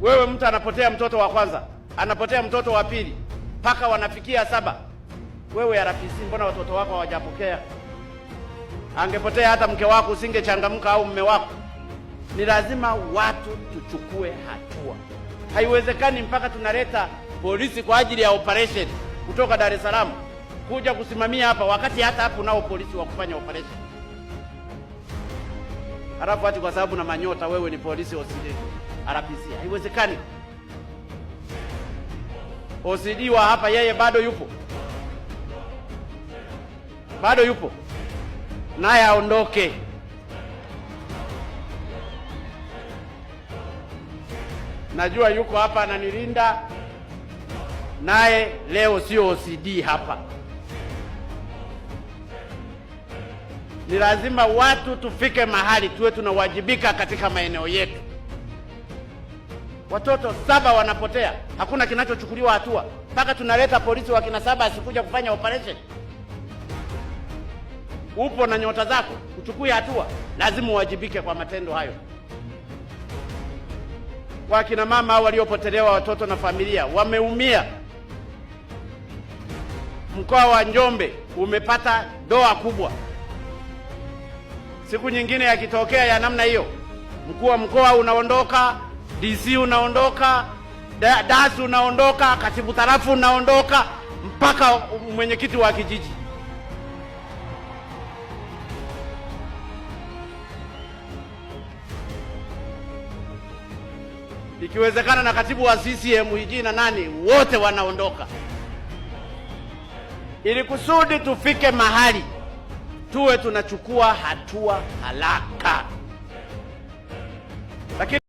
Wewe mtu anapotea mtoto wa kwanza, anapotea mtoto wa pili, mpaka wanafikia saba. Wewe RPC, mbona watoto wako hawajapokea? Angepotea hata mke wako usingechangamka, au mme wako. Ni lazima watu tuchukue hatua. Haiwezekani mpaka tunaleta polisi kwa ajili ya operation kutoka Dar es Salaam kuja kusimamia hapa, wakati hata hapo nao polisi wa kufanya operation, halafu hati kwa sababu na manyota, wewe ni polisi OCD. RPC. Haiwezekani. OCD wa hapa yeye bado yupo, bado yupo, naye aondoke. Najua yuko hapa ananilinda, naye leo sio OCD hapa. Ni lazima watu tufike mahali tuwe tunawajibika katika maeneo yetu watoto saba wanapotea, hakuna kinachochukuliwa hatua, mpaka tunaleta polisi wa kina saba asikuja kufanya operation. Upo na nyota zako, uchukue hatua, lazima uwajibike kwa matendo hayo. Wakina mama hao waliopotelewa, watoto na familia wameumia. Mkoa wa Njombe umepata doa kubwa. Siku nyingine yakitokea ya namna hiyo, mkuu wa mkoa unaondoka DC unaondoka, DAS unaondoka, katibu tarafu unaondoka, mpaka mwenyekiti wa kijiji. Ikiwezekana na katibu wa CCM hiji na nani wote wanaondoka, ili kusudi tufike mahali tuwe tunachukua hatua haraka, lakini